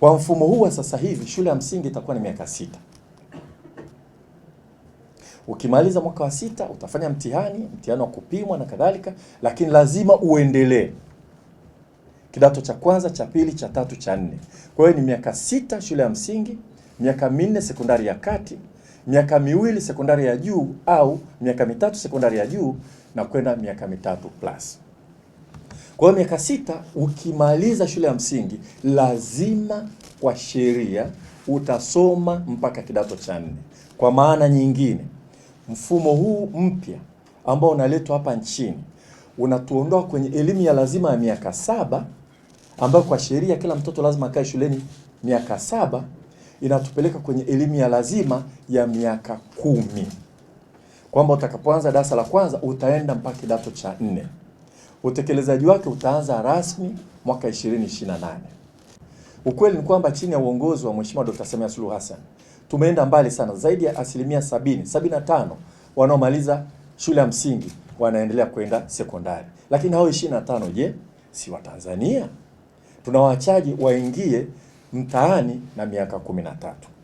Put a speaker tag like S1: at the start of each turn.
S1: Kwa mfumo huu wa sasa hivi shule ya msingi itakuwa ni miaka sita. Ukimaliza mwaka wa sita utafanya mtihani, mtihani wa kupimwa na kadhalika, lakini lazima uendelee kidato cha kwanza, cha pili, cha tatu, cha nne. Kwa hiyo ni miaka sita shule ya msingi, miaka minne sekondari ya kati, miaka miwili sekondari ya juu, au miaka mitatu sekondari ya juu na kwenda miaka mitatu plus. Kwa hiyo miaka sita ukimaliza shule ya msingi lazima kwa sheria utasoma mpaka kidato cha nne. Kwa maana nyingine, mfumo huu mpya ambao unaletwa hapa nchini unatuondoa kwenye elimu ya lazima ya miaka saba ambayo kwa sheria kila mtoto lazima akae shuleni miaka saba, inatupeleka kwenye elimu ya lazima ya miaka kumi, kwamba utakapoanza darasa la kwanza utaenda mpaka kidato cha nne. Utekelezaji wake utaanza rasmi mwaka 2028. Ukweli ni kwamba chini ya uongozi wa Mheshimiwa Dr. Samia Suluhu Hassan tumeenda mbali sana, zaidi ya asilimia sabini, sabini na tano wanaomaliza shule ya msingi wanaendelea kwenda sekondari. Lakini hao 25 je, si wa Tanzania? Tunawachaji waingie mtaani na miaka 13.